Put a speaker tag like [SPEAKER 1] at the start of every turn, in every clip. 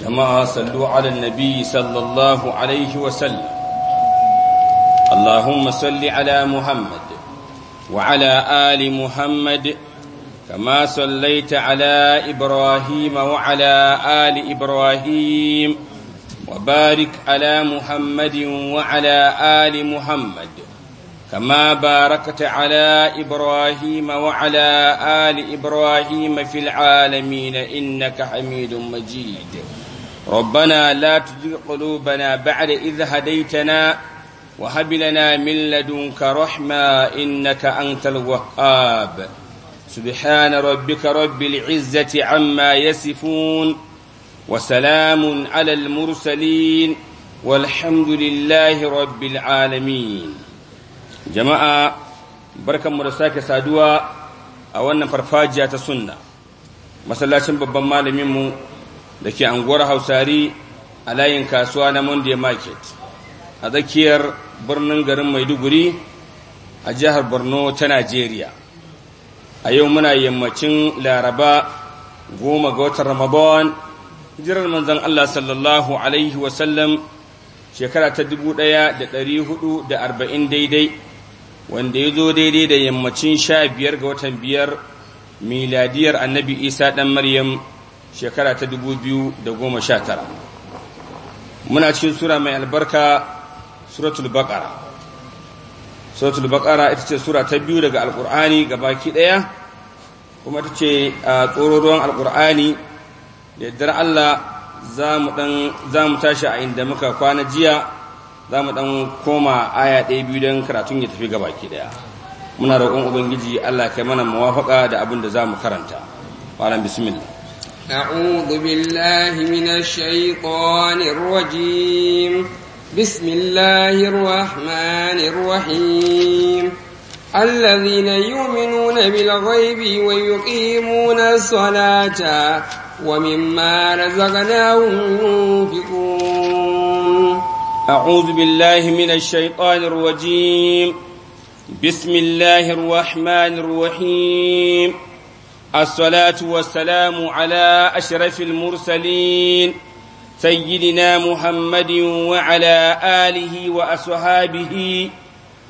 [SPEAKER 1] jama'a sallu ala nabi sallallahu alaihi wasallam allahumma salli ala muhammad wa ala ali muhammad kama sallaita ala ibrahim wa ala ali ibrahim wa ala muhammad wa ali muhammad kama barakta ala ibrahim wa ali ibrahim fil alamin innaka hamidu majid
[SPEAKER 2] ربنا
[SPEAKER 1] لا تزغ قلوبنا بعد إذ هديتنا وهب لنا من لدنك رحمة إنك أنت الوهاب سبحان ربك رب العزة عما يصفون وسلام على المرسلين والحمد لله رب العالمين جماعة بركة مرساك سادوا أولنا فرفاجة سنة مسلاشن ببما لممو da ke anguwar hausari a layin kasuwa na monday market a tsakiyar birnin garin maiduguri a jihar borno ta nigeria a yau muna yammacin laraba goma ga watan ramadan jirar manzon allah sallallahu alaihi wasallam shekara ta dubu ɗaya da ɗari hudu da arba'in daidai wanda ya zo daidai da yammacin sha biyar ga watan biyar miladiyar annabi isa dan maryam shekara ta dubu biyu da goma sha tara. muna cikin sura mai albarka suratul baqara suratul baqara ita ce sura ta biyu daga ga baki daya kuma ita ce tsororuwan ruwan da yaddar Allah za mu za mu tashi a inda muka kwana jiya za mu dan koma aya ɗaya biyu don karatun ya tafi gabaki ɗaya. muna roƙon ubangiji Allah kai mana muwafaƙa da abin da za mu karanta malam bismillah
[SPEAKER 2] أعوذ بالله من الشيطان الرجيم بسم الله الرحمن الرحيم الذين يؤمنون بالغيب ويقيمون الصلاة ومما رزقناهم ينفقون أعوذ بالله من الشيطان الرجيم
[SPEAKER 1] بسم الله الرحمن الرحيم الصلاة والسلام على أشرف المرسلين سيدنا محمد وعلى آله وأصحابه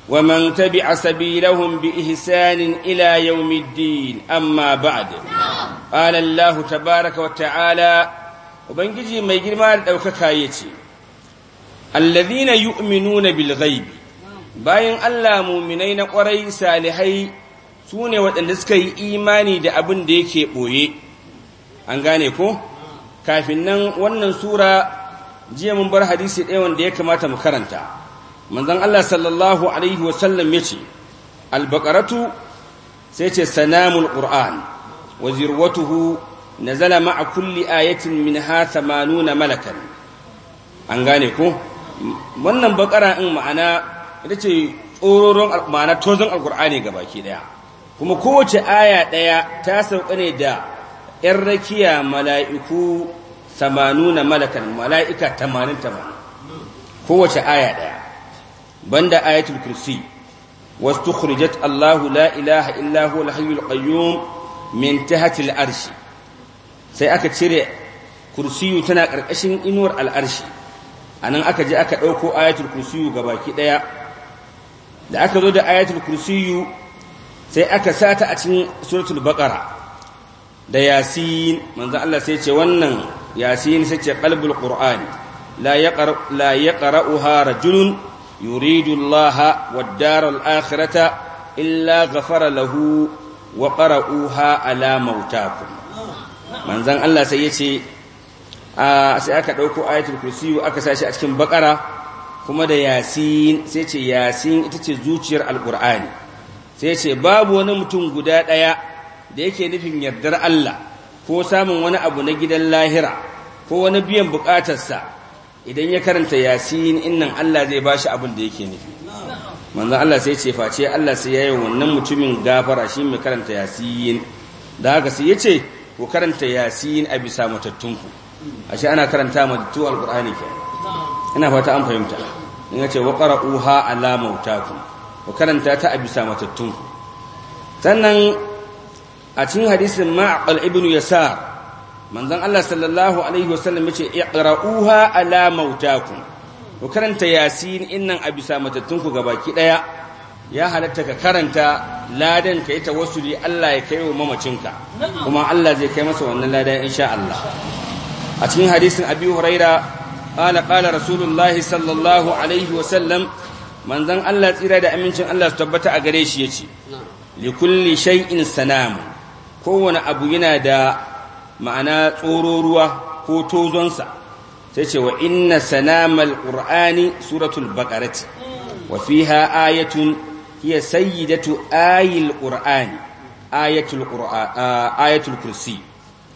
[SPEAKER 1] ومن تبع سبيلهم بإحسان إلى يوم الدين أما بعد قال الله تبارك وتعالى وبنجي ما يجري ما يتي الذين يؤمنون بالغيب bayan Allah muminai na ƙwarai salihai su ne waɗanda suka yi imani da abin da yake ɓoye an gane ko kafin nan wannan sura jiya mun bar hadisi ɗaya wanda ya kamata mu karanta manzon Allah sallallahu alaihi wasallam ya ce albakaratu sai ce sanamul qur'an wa zirwatuhu nazala ma'a kulli ayatin minha nuna malakan an gane ko wannan bakara in ma'ana ita ce tsororon ma'ana tozon ga baki daya kuma kowace aya ɗaya ta sauka ne da ‘yan rakiya mala'iku samanu na malakan mala'ika tamanin tamanin kowace aya ɗaya banda ayatul kursi wasu tukhrijat Allahu la ilaha illahu alhayyul qayyum min tahatil arshi sai aka cire kursiyu tana ƙarƙashin inuwar al'arshi a nan aka je aka ɗauko ayatul kursiyu ga baki ɗaya da aka zo da ayatul kursiyu sai aka sata a cikin suratul baqara da yasin manzo Allah sai ce wannan yasin sai ce qalbul qur'ani la yaqra la yaqra'uha rajulun yuridu Allah wa daral akhirata illa ghafara lahu wa qara'uha ala mautakum manzon Allah sai yace sai aka dauko ayatul kursi aka sashi a cikin baqara kuma da yasin sai ce yasin ita ce zuciyar alqur'ani sai ce babu wani mutum guda ɗaya da yake nufin yardar Allah ko samun wani abu na gidan lahira ko wani biyan buƙatarsa idan ya karanta yasin innan Allah zai bashi abin da yake nufi manzon Allah sai ce face Allah sai yayin wannan mutumin gafara shi mai karanta yasin da haka sai yace ku karanta yasin a bisa matattunku ashe ana karanta matattu alqur'ani
[SPEAKER 3] kenan
[SPEAKER 1] ina fata an fahimta Ina yace wa qara'uha ala mautakum ku karanta ta a bisa matattun sannan a cikin hadisin ma'aqal ibnu yasar manzon Allah sallallahu alaihi wasallam yace iqra'uha ala mautakum ku karanta yasin innan a bisa matattun ku gabaki daya ya halatta ka karanta ladan ka yi tawassuli Allah ya kai wa mamacinka kuma Allah zai kai masa wannan lada insha Allah a cikin hadisin abi huraira قال قال رسول الله صلى الله عليه وسلم Manzan Allah tsira da amincin Allah su tabbata a gare shi ya ce. likulli shay'in sanam kowane abu yana da ma'ana ruwa ko tozonsa sai ce wa inna sanamal ƙurani suratul baƙarati wa fiha ayatun hiya sayyidatu ayil ƙur'ani ayatul kursi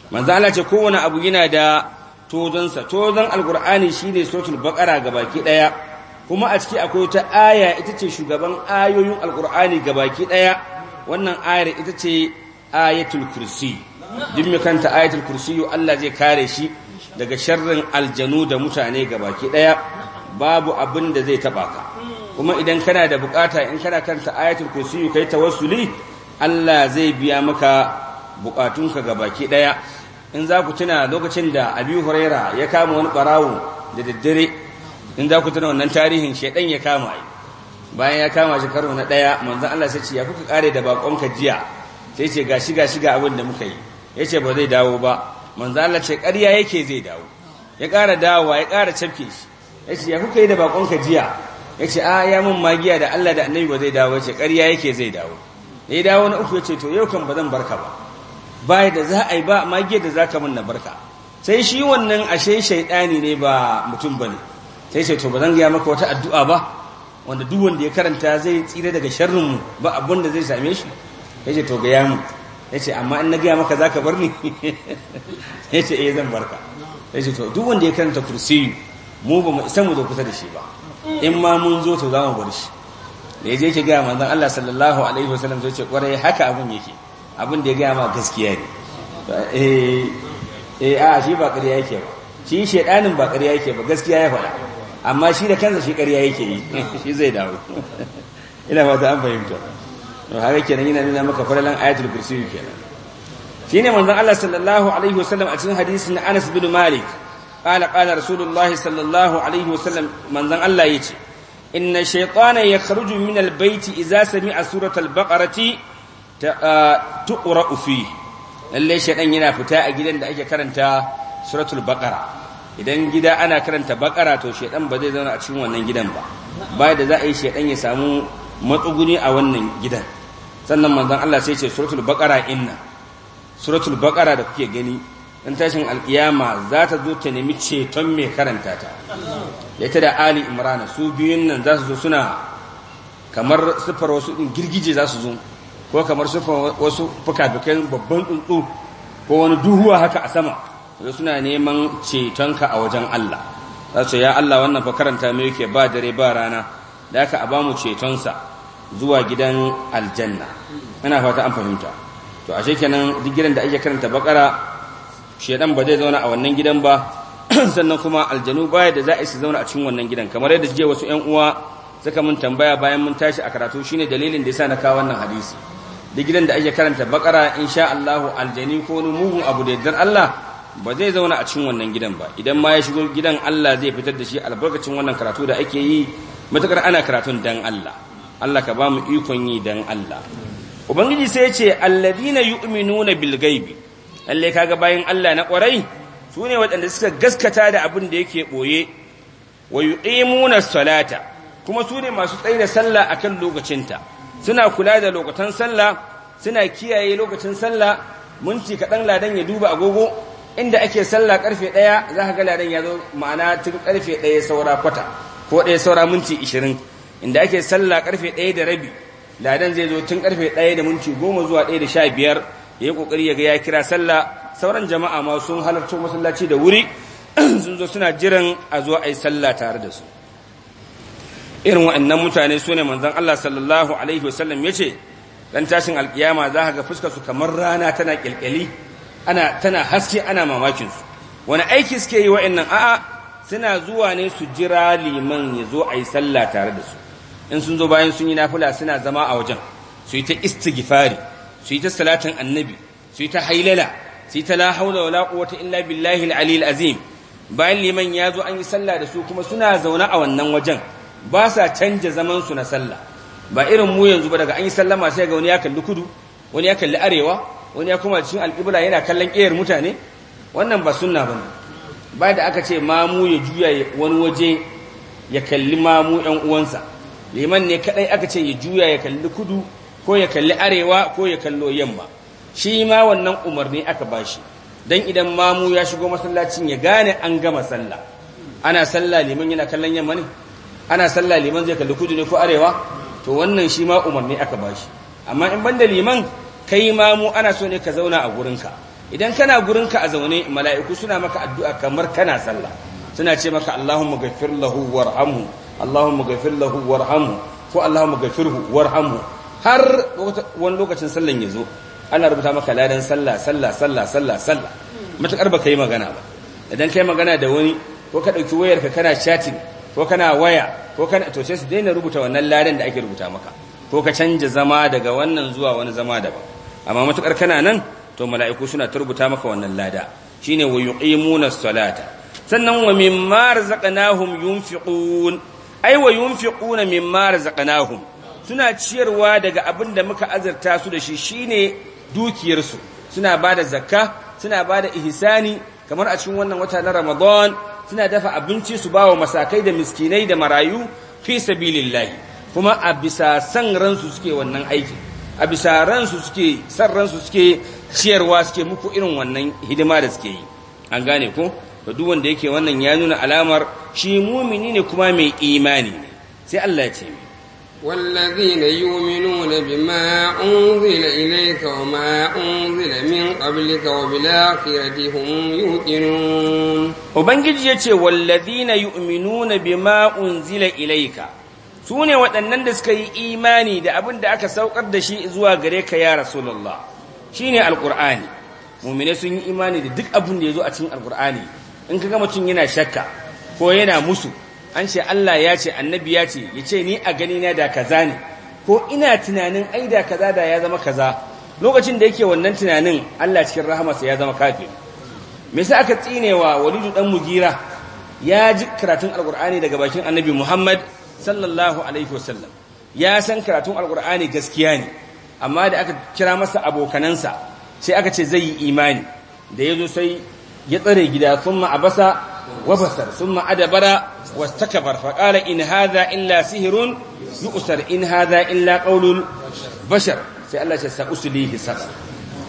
[SPEAKER 1] Manzan Allah ce kowane abu yana da tozonsa tozon Al-ƙur'ani shi shine suratul ga baki ɗaya. kuma a ciki akwai ta aya ita ce shugaban ayoyin alkur'ani ga baki daya wannan ayar ita ce ayatul kursi duk mai kanta ayatul kursi Allah zai kare shi daga sharrin aljanu da mutane baki daya babu abin da zai taba ka kuma idan kana da bukata in kana kanta ayatul kursi kai tawassuli Allah zai biya maka bukatunka baki daya in za ku tuna lokacin da Abi Huraira ya kama wani barawo da daddare in za ku tuna wannan tarihin shaidan ya kama yi bayan ya kama shi karo na ɗaya manzon Allah sai ce ya kuka kare da baƙonka jiya sai ce gashi gashi ga abin da muka yi yace ba zai dawo ba manzon Allah ce ƙarya yake zai dawo ya ƙara dawowa ya ƙara cafke shi yace ya kuka yi da baƙonka jiya yace a ya mun magiya da Allah da Annabi ba zai dawo yace ƙarya yake zai dawo ya dawo na uku yace to yau kan ba zan barka ba bai da za a yi ba magiyar da za ka mun na barka sai shi wannan ashe shaidani ne ba mutum bane sai sai to ba zan gaya maka wata addu'a ba wanda duk wanda ya karanta zai tsira daga sharrin mu ba abin da zai same shi ya ce to gaya mu ya ce amma in na gaya maka za ka bar ni ya ce eh zan barka ya ce to duk wanda ya karanta kursiyu mu ba mu isan mu zo kusa da shi ba in ma mun zo to za mu bar shi da ya je ki gaya manzon Allah sallallahu alaihi wasallam zai ce kwarai haka abin yake abin da ya gaya ma gaskiya ne eh eh a shi ba ƙarya yake ba shi shedanin ba ƙarya yake ba gaskiya ya faɗa amma shi da kansa shi ƙarya yake yi shi zai dawo ina fata an fahimta to haka kenan yana nuna maka falalan ayatul kursi kenan shi ne manzon Allah sallallahu alaihi wasallam a cikin hadisi na Anas bin Malik qala qala rasulullah sallallahu alaihi wasallam manzon Allah yace inna shaytana yakhruju min albayti idza sami'a suratal baqarati tuqra'u fi lalle shaytan yana fita a gidan da ake karanta suratul baqara idan gida ana karanta bakara to shedan ba zai zauna a cikin wannan gidan ba ba da za a yi shedan ya samu matsuguni a wannan gidan sannan manzon Allah sai ce suratul baqara inna suratul baqara da kuke gani dan tashin alkiyama za ta zo ta nemi ceton mai karanta ta da ita da ali imran su biyun nan za su zo suna kamar sifar wasu din girgije za su zo ko kamar sifar wasu fuka babban tsuntsu ko wani duhuwa haka a sama su suna neman cetonka a wajen Allah za su ya Allah wannan fa karanta mai yake ba dare ba rana da aka a bamu cetonsa zuwa gidan aljanna ina fata an fahimta to a kenan duk gidan da ake karanta bakara shedan ba zai zauna a wannan gidan ba sannan kuma aljanu baya da za a su zauna a cikin wannan gidan kamar yadda jiya wasu yan uwa suka mun tambaya bayan mun tashi a karatu shine dalilin da yasa na kawo wannan hadisi duk gidan da ake karanta bakara insha Allah aljani ko wani mugun abu da yardar Allah ba zai zauna a cikin wannan gidan ba idan ma ya shigo gidan Allah zai fitar da shi albarkacin wannan karatu da ake yi matakar ana karatun dan Allah Allah ka ba mu ikon yi dan Allah ubangiji sai ya ce alladina yu'minuna bil ghaibi lalle kaga bayan Allah na kwarai su ne waɗanda suka gaskata da abin da yake boye wa yuqimuna salata kuma su ne masu tsaye da sallah akan lokacinta suna kula da lokacin sallah suna kiyaye lokacin sallah minti kaɗan ladan ya duba agogo inda ake sallah karfe ɗaya za ka ga ladan ya zo ma'ana tun karfe ɗaya saura kwata ko ɗaya saura minti ishirin inda ake sallah karfe ɗaya da rabi ladan zai zo tun karfe ɗaya da minti goma zuwa ɗaya da sha biyar ya yi ƙoƙari ya ga ya kira sallah sauran jama'a ma sun halarto masallaci da wuri sun zo suna jiran a zo a yi sallah tare da su irin waɗannan mutane su ne manzon Allah sallallahu alaihi wasallam ya ce dan tashin alkiyama za ka ga fuskar su kamar rana tana ƙyalƙyali ana tana haske ana mamakin su wani aiki suke yi wa'annan a'a suna zuwa ne su jira liman ya zo a yi sallah tare da su in sun zo bayan sun yi nafila suna zama a wajen su yi ta istighfari su yi ta salatin annabi su yi ta hailala su yi ta la haula quwwata illa billahi al-ali azim bayan liman ya zo an yi sallah da su kuma suna zaune a wannan wajen ba sa canja zaman su na sallah ba irin mu yanzu ba daga an yi sallama sai ga wani ya kalli kudu wani ya kalli arewa wani ya kuma cikin alƙibla yana kallon ƙiyar mutane wannan ba sunna ba ne ba da aka ce mamu ya juya wani waje ya kalli mamu ɗan uwansa liman ne kaɗai aka ce ya juya ya kalli kudu ko ya kalli arewa ko ya kallo yamma shi ma wannan umarni aka ba shi don idan mamu ya shigo masallacin ya gane an gama sallah ana sallah liman yana kallon yamma ne ana sallah liman zai kalli kudu ne ko arewa to wannan shi ma umarni aka ba shi amma in banda liman kai ma mu ana so ne ka zauna a gurinka idan kana gurinka a zaune mala'iku suna maka addu'a kamar kana sallah suna ce maka Allahumma ghafir lahu warhamhu Allahumma ghafir lahu warhamhu ko Allahumma ghafirhu warhamhu har wani lokacin sallan ya zo ana rubuta maka ladan sallah sallah sallah sallah sallah matakar baka yi magana ba idan yi magana da wani ko ka ɗauki wayarka kana chatting ko kana waya ko kana to sai su daina rubuta wannan ladan da ake rubuta maka ko ka canja zama daga wannan zuwa wani zama daban amma matukar kana nan to mala'iku suna turbuta maka wannan lada shine wa yuqimuna salata sannan wa mimma razaqnahum yunfiqun ai wa yunfiquna mimma razaqnahum suna ciyarwa daga abin da muka azurta su da shi shine dukiyarsu suna bada zakka suna da ihsani kamar a cikin wannan wata na Ramadan suna dafa abinci su ba wa masakai da miskinai da marayu fi sabilillahi kuma a bisa san ransu suke wannan aiki. a bisa ransu suke san ransu suke ciyarwa suke muku irin wannan hidima da suke yi an gane ko to duk wanda yake wannan ya nuna alamar shi mumini ne kuma mai imani ne sai Allah ya ce
[SPEAKER 2] والذين يؤمنون بما أنزل إليك وما أنزل من قبلك وبالآخرة هم يوقنون وبنجي والذين يؤمنون
[SPEAKER 1] بما أنزل إليك su ne waɗannan da suka yi imani da abin da aka saukar da shi zuwa gare ka ya Shi ne Alƙur'ani. mummune sun yi imani da duk abin da ya zo a cikin Alƙur'ani. in gama mutum yana shakka ko yana musu an ce Allah ya ce annabi ya ce ya ce ni a gani na da kaza ne ko ina tunanin ai da kaza da ya zama kaza lokacin da yake wannan tunanin Allah cikin rahamarsa ya zama kafin. me yasa aka tsinewa walidu dan mugira ya ji karatun alqur'ani daga bakin annabi Muhammad sallallahu alaihi wasallam ya san karatun alkur'ani gaskiya ne amma da aka kira masa abokanansa sai aka ce zai yi imani da ya zo sai ya tsare gida sun ma'abasa wabasar sun ma'adabara wastakabar faƙala in haza illa sihirun yu'usar in haza illa ƙaunul bashar sai Allah ce sa'usulihi sasa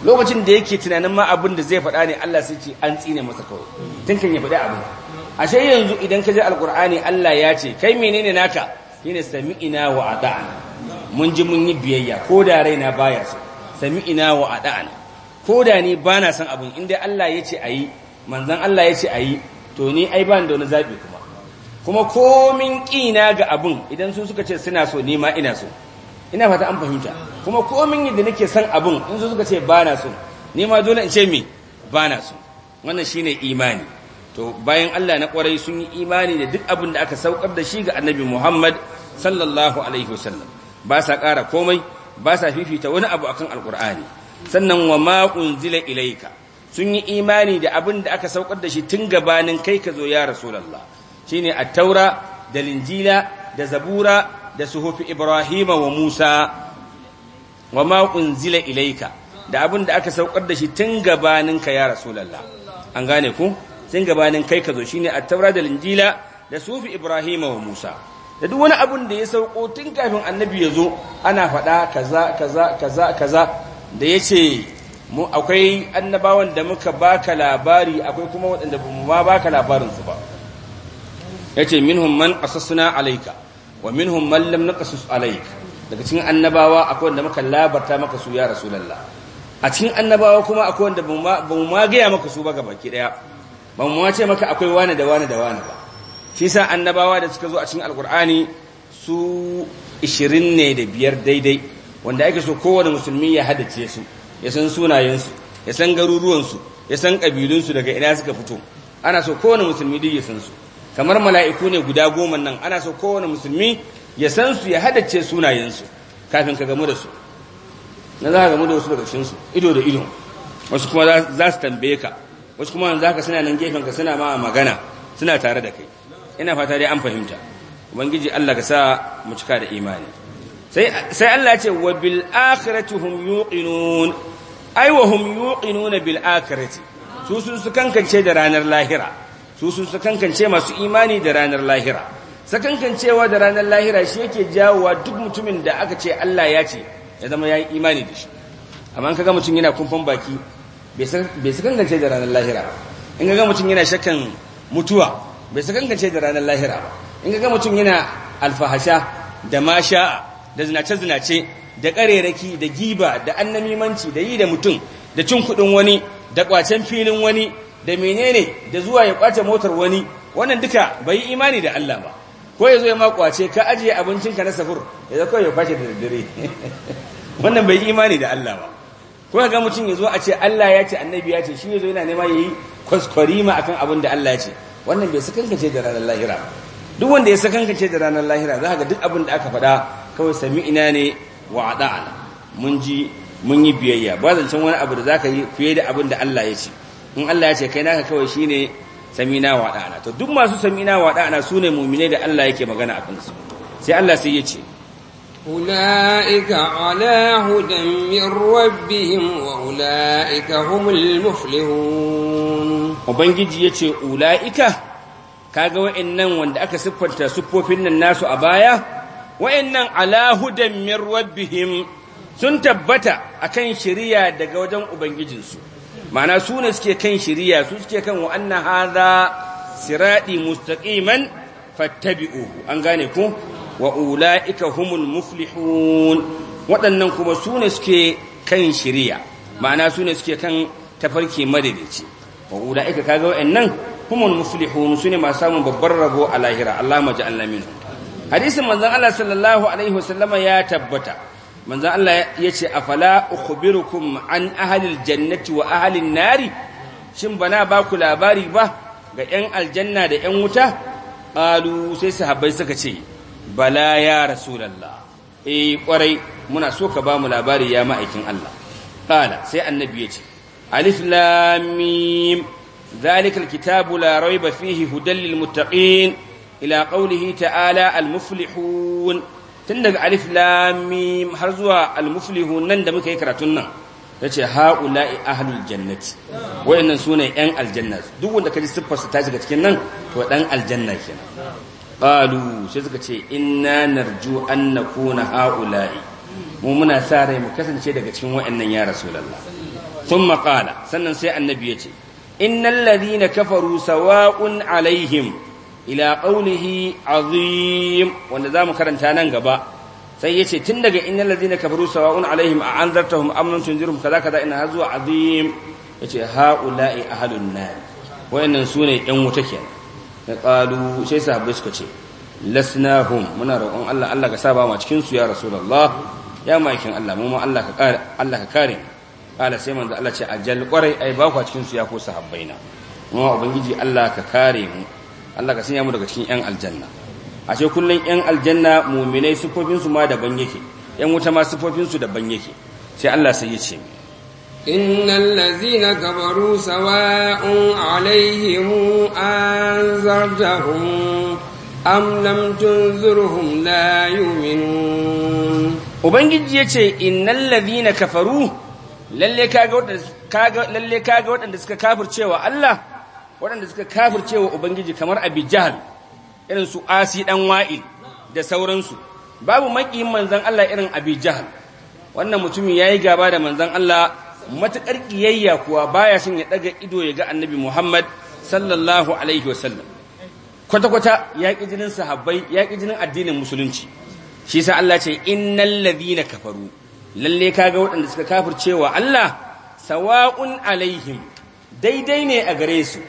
[SPEAKER 1] lokacin da yake tunanin ma abin da zai faɗa ne Allah sai ce an tsine masa kawai tun kan ya faɗi abin ashe yanzu idan ka ji alkur'ani Allah ya ce kai menene naka shine sami'ina wa ata'ana mun ji mun yi biyayya ko da raina baya so sami'ina wa ata'ana ko da ni bana son abin inda Allah ya ce ayi manzon Allah ya ce ayi to ni ai ban da wani zabi kuma kuma komin kina ga abin idan su suka ce suna so ni ma ina so ina fata an fahimta kuma komin yadda nake son abin in su suka ce bana so ni ma dole in ce me bana so wannan shine imani to bayan Allah na kwarai sun yi imani da duk abin da aka saukar da shi ga annabi Muhammad sallallahu alaihi wasallam ba sa ƙara komai ba sa fifita wani abu akan alkur'ani sannan wa ma unzila ilaika sun yi imani da abin da aka saukar da shi tun gabanin kai ka zo ya rasulullah shine at-taura da linjila da zabura da suhufi ibrahima wa musa wa ma unzila ilaika da abin da aka saukar da shi tun gabanin ka ya rasulullah an gane ku sun gabanin kai ka zo shi ne a taura da Linjila da sufi ibrahima wa musa da duk wani abun da ya sauko tun kafin annabi ya zo ana faɗa kaza kaza kaza kaza da ce mu akwai annabawan da muka baka labari akwai kuma waɗanda ba mu ma baka labarin su ba ce minhum man qasasna alayka wa minhum man lam naqasus alayka daga cikin annabawa akwai wanda muka labarta maka su ya rasulullah a cikin annabawa kuma akwai wanda ba mu ma gaya maka su ba gabaki daya ba mu wace maka akwai wane da wane da wane ba shi sa annabawa da suka zo a cikin alkur'ani su 20 ne da biyar daidai wanda ake so kowane musulmi ya haddace su ya san sunayensu ya san garuruwansu ya san kabilunsu daga ina suka fito ana so kowane musulmi duk ya san su kamar mala'iku ne guda goma nan ana so kowane musulmi ya san su ya haddace sunayensu kafin ka gamu da su na za ka gamu da wasu daga cikinsu ido da ido wasu kuma za su tambaye ka wasu kuma za ka suna nan gefen ka suna ma magana suna tare da kai ina fata dai an fahimta ubangiji Allah ka sa mu cika da imani sai sai Allah ya ce wa bil akhirati hum yuqinun ai wa hum yuqinun bil akhirati su sun su kankance da ranar lahira su sun su kankance masu imani da ranar lahira sakankancewa da ranar lahira shi yake jawowa duk mutumin da aka ce Allah ya ce ya zama yayi imani da shi amma kaga mutum yana kumfan baki bai su kangance da ranar lahira ba in ga mutum yana shakkan mutuwa bai su kangance da ranar lahira ba in ga mutum yana alfahasha da masha da zinace-zinace da ƙareraki da giba da annamimanci da yi da mutum da cin kuɗin wani da ƙwacen filin wani da menene da zuwa ya kwace motar wani wannan duka bai yi imani da Allah ba ko ya zo ya ma kwace ka ajiye abincinka na safur ya zo kawai ya kwashe da daddare wannan bai yi imani da Allah ba ko ga mutum ya zo a ce Allah ya ce annabi ya ce shi ya zo yana nema yayi yi kwaskwarima akan abin da Allah ya ce wannan bai sakankace da ranar lahira duk wanda ya sakankace da ranar lahira za ga duk abin da aka faɗa kawai sami'ina ne wa mun ji mun yi biyayya ba zancen wani abu da za ka yi fiye da abin da Allah ya ce in Allah ya ce kai naka kawai shi ne wa ada'ana to duk masu samina wa ada'ana su ne muminai da Allah yake magana a kansu sai Allah sai ya ce
[SPEAKER 2] أولئك على هدى من ربهم وأولئك هم المفلحون وبنجي يتي أولئك kaga wa'annan wanda aka siffanta
[SPEAKER 1] siffofin nan nasu a baya wa'annan ala hudan min rabbihim sun tabbata akan shiriya daga wajen ubangijinsu ma'ana su ne suke kan shiriya su suke kan wa'annan anna hadha sirati mustaqiman fattabi'uhu an gane ku wa ula'ika humul muflihun waɗannan kuma su ne suke kan shirya ma'ana su ne suke kan tafarki madadici wa ula'ika kaga nan humul muflihun su ne masu samun babbar rabo a lahira Allah maja'alna minhu hadisin manzon Allah sallallahu alaihi wasallama ya tabbata manzan Allah ya ce a fala ukhbirukum an ahalil jannati wa ahalin nari shin bana ba ku labari ba ga 'yan aljanna da 'yan wuta ƙalu sai sahabbai suka ce bala ya rasulallah eh kwarai muna so ka bamu labari ya ma'aikin Allah qala sai annabi ya alif lam mim zalikal kitabu la fihi hudal lil muttaqin ila qawlihi ta'ala al muflihun tun daga alif lam mim har zuwa al muflihun nan da muka yi karatun nan tace haula'i ahlul jannati wayannan sune yan aljanna duk wanda ka siffar su ta shiga cikin nan to dan aljanna kenan qalu sai suka ce inna narju an nakuna haula'i mu muna sa rai mu kasance daga cikin waɗannan ya rasulullah thumma qala sannan sai annabi ya ce innal ladina kafaru sawa'un alaihim ila qawlihi azim wanda zamu karanta nan gaba sai yace tun daga innal ladina kafaru sawa'un alaihim a anzartahum am lam tunzirum kaza kaza ina hazu azim yace haula'i ahlun nar wayannan sune yan wuta kenan na qalu sai sahabbai suka ce lasna lasnahum muna roƙon Allah Allah ka saba mu cikin su ya rasulullah ya maikin Allah mu ma Allah ka kare Allah ka kare kala sai manzo Allah ce ajal kwarai ai ba ku cikin su ya ko na mu ubangiji Allah ka kare mu Allah ka sanya mu daga cikin yan aljanna a ce kullum yan aljanna mu'minai minai su ma daban yake yan wuta ma sifofin su daban yake sai Allah sai ya ce mu
[SPEAKER 2] إن الذين كفروا سواء عليهم أنذرتهم أم لم تنذرهم لا يؤمنون Ubangiji ya ce,
[SPEAKER 1] Innan lazina kafaru, lalle kaga waɗanda suka kafircewa Allah, waɗanda suka kafircewa Ubangiji kamar Abi Jahal, irin su Asi ɗan wa'il da sauransu, babu maƙiyin manzan Allah irin Abi Jahal, wannan mutumin ya yi gaba da manzan Allah matuƙar ƙiyayya kuwa baya son ya daga ido ya ga annabi Muhammad sallallahu alaihi wasallam kwata kwata ya ƙi jinin sahabbai ya ƙi jinin addinin musulunci shi sa Allah ce innal ladhina kafaru lalle ga waɗanda suka cewa Allah sawa'un alaihim daidai ne a gare su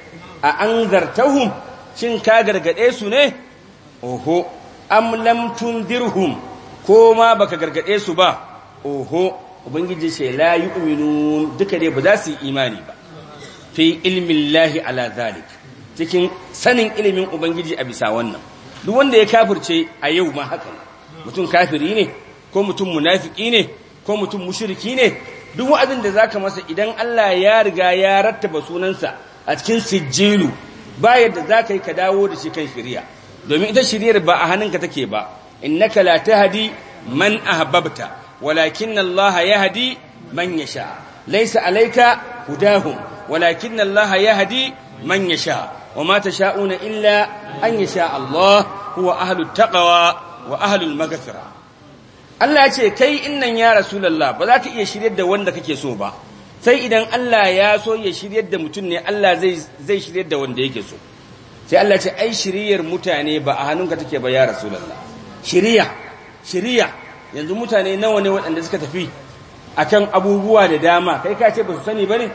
[SPEAKER 1] a anzartahum shin ka gargaɗe su ne oho am lam tundirhum ko ma baka gargaɗe su ba oho ubangiji ce la yu'minun duka dai ba za su yi imani ba fi ilmin lahi ala zalik cikin sanin ilimin ubangiji a bisa wannan duk wanda ya kafirce a yau ma haka mutum kafiri ne ko mutum munafiki ne ko mutum mushriki ne duk wa'azin da zaka masa idan Allah ya riga ya rattaba sunansa a cikin sijilu ba yadda zaka yi ka dawo da shi kan shari'a domin ita shari'ar ba a hannunka take ba innaka la tahdi man ahbabta walakin Allah yahdi man yasha laysa alayka hudahum walakin Allah yahdi man yasha wama tasha'una illa an Allah huwa ahlut taqwa wa ahlul Allah ya ce kai innan ya rasulullah ba za ka iya shiryar da wanda kake so ba sai idan Allah ya so ya shiryar da mutum ne Allah zai shiryar da wanda yake so sai Allah ce ai shiriyar mutane ba a hannunka take ba ya rasulullah shirya shiriya yanzu mutane nawa ne waɗanda suka tafi akan abubuwa da dama kai ka ce ba su sani ba ne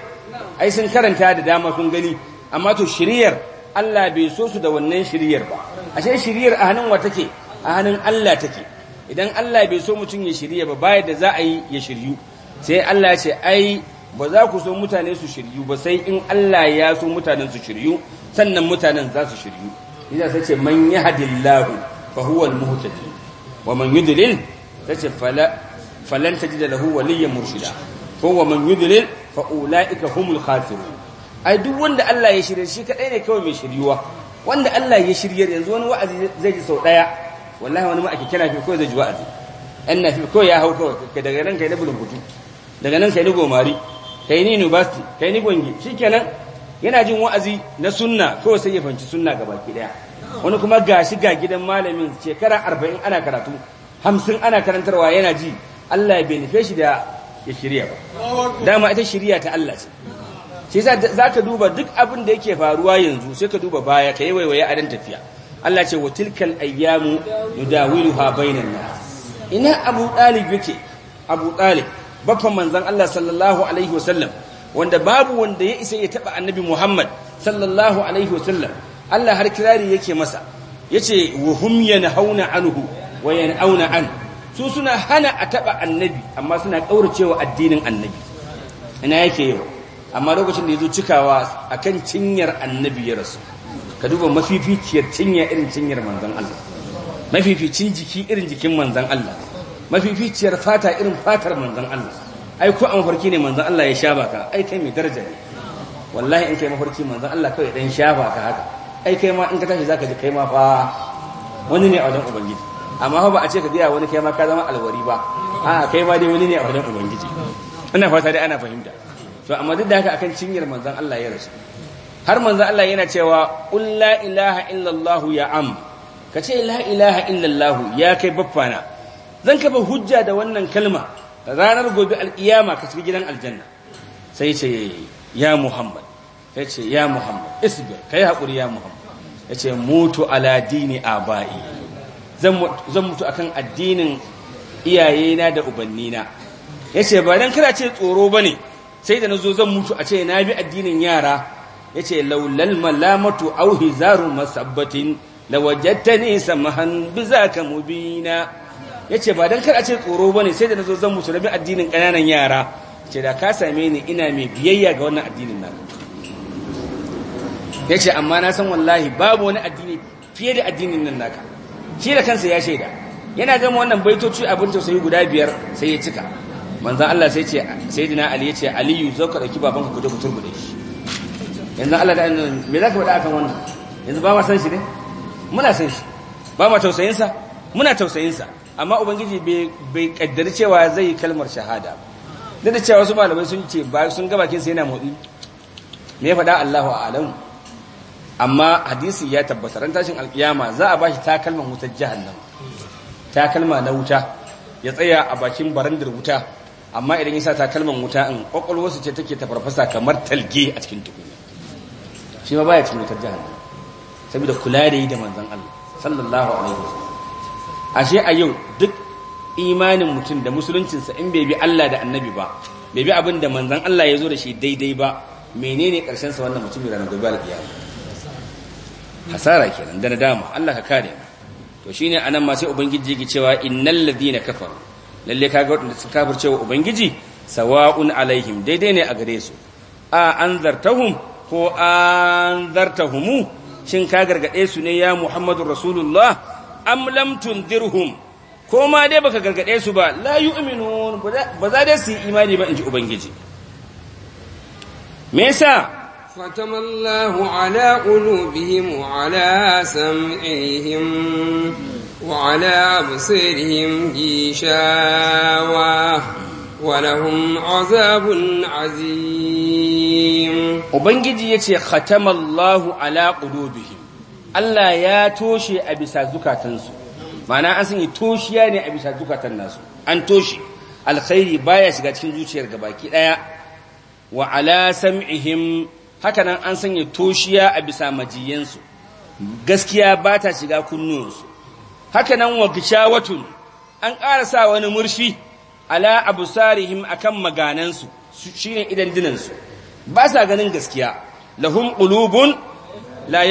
[SPEAKER 1] ai sun karanta da dama sun gani amma to shiriyar Allah bai so su da wannan shiriyar ba ashe shiriyar a hannun wa take a hannun Allah take idan Allah bai so mutum ya shirya ba bayan da za a yi ya shiryu sai Allah ya ce ai ba za ku so mutane su shiryu ba sai in Allah ya so mutanen su shiryu sannan mutanen za su shiryu idan sai ce man yahdillahu fa huwa al-muhtadi wa man ta ce falan ta ji da lahu waliyyan murshida ko wa man yudlil fa ulaika humul khasirun ai duk wanda Allah ya shirye shi kadai ne kawai mai shiryuwa wanda Allah ya shiryar yanzu wani wa'azi zai ji sau daya wallahi wani ma ake kira fi kawai zai ji wa'azi anna fi kawai ya hau kawai daga nan kai na butu daga nan kai ni gomari kai ni university kai ni gwangi shikenan yana jin wa'azi na sunna kawai sai ya fanci sunna gaba ki daya wani kuma gashi ga gidan malamin shekara 40 ana karatu hamsin ana karantarwa yana ji Allah ya benefe shi da ya shirya ba dama ita shirya ta Allah ce shi yasa zaka duba duk abin da yake faruwa yanzu sai ka duba baya ka yi waiwaye a dan tafiya Allah ce wa tilkal ayyamu yudawiluha bainan nas ina Abu Talib yake Abu Talib baffan manzon Allah sallallahu alaihi wasallam wanda babu wanda ya isa ya taba annabi Muhammad sallallahu alaihi wasallam Allah har kirari yake masa yace wa hum yanhauna anhu wa yan'auna an su suna hana a taba annabi amma suna kauracewa addinin annabi ina yake yau amma lokacin da yazo cikawa akan cinyar annabi ya rasu ka duba mafificiyar cinya irin cinyar manzon Allah mafificin jiki irin jikin manzon Allah mafificiyar fata irin fatar manzon Allah ai ko an farki ne manzon Allah ya sha baka ai kai mai daraja ne wallahi in kai mafarki manzon Allah kai dan shafa ka haka ai kai ma in ka tashi zaka ji kai ma fa wani ne a wajen ubangiji amma ba a ce ka gaya wani kai ma ka zama alwari ba a kai ma dai wani ne a wajen ubangiji ina fata dai ana fahimta to amma duk da haka akan cinyar manzon Allah ya rasu har manzon Allah yana cewa qul la ilaha illallah ya am ka ce la ilaha ya kai baffana zan kafa hujja da wannan kalma ranar gobe alkiyama ka shiga gidan aljanna sai ce ya muhammad sai ce ya muhammad isbir kai hakuri ya muhammad yace mutu ala dini abai zan mutu akan addinin iyayena da ubannina yace ba dan kada ce tsoro bane sai da nazo zan mutu a ce na bi addinin yara yace laulal malamatu aw hizaru masabbatin lawajadtani samahan bizaka mubina yace ba dan kada ce tsoro bane sai da nazo zan mutu na bi addinin kananan yara ce da ka same ni ina mai biyayya ga wannan addinin nan yace amma na san wallahi babu wani addini fiye da addinin nan naka shi da kansa ya shaida yana gama wannan baitoci abin tausayi guda biyar sai ya cika manzan Allah sai ce sayyidina Ali ya ce Aliyu zo ka dauki babanka ku je ku turbude shi yanzu Allah da me zaka faɗa akan wannan yanzu ba ma san shi ne muna san shi ba ma tausayin sa muna tausayin sa amma ubangiji bai kaddari cewa zai kalmar shahada ba da cewa wasu malamai sun ce ba sun ga bakin sa yana motsi me ya faɗa Allahu a'lamu amma hadisi ya tabbata ran tashin alkiyama za a bashi takalman wutar jahannama takalma na wuta ya tsaya a bakin barandar wuta amma idan ya sa takalman wuta in su ce take farfasa kamar talge a cikin tukunya shi ma baya cikin wutar jahannama saboda kula da yi da manzon Allah sallallahu alaihi wasallam ashe a yau duk imanin mutum da musuluncinsa in bai bi Allah da annabi ba bai bi abin da manzon Allah ya zo da shi daidai ba menene karshen sa wannan mutum ranar gobe alkiyama hasara kenan da nadama Allah ka kare mu to shine anan ma sai ubangiji yake cewa innal ladina kafaru lalle kaga wadanda suka kafirce wa ubangiji sawa'un alaihim daidai ne a gare su a anzartahum ko anzartahum shin ka gargade su ne ya muhammadur rasulullah am lam tundirhum ko ma dai baka gargade su ba la yu'minun ba za
[SPEAKER 2] dai su imani ba inji ubangiji me yasa ختم الله على قلوبهم وعلى سمعهم وعلى أبصارهم غشاوة ولهم عذاب عظيم وبنجي
[SPEAKER 1] يتي ختم الله على قلوبهم Allah ya toshe a bisa zukatansu mana an sanya toshiya ne a bisa zukatan nasu an toshe alkhairi baya shiga cikin zuciyar gabaki ɗaya, wa ala sam'ihim hakanan an sanya toshiya a bisa majiyansu gaskiya ba ta shiga kunnuwansu hakanan wa watun an ƙara sa wani murfi ala a akan maganansu shine idan dinansu ba sa ganin gaskiya lahum qulubun la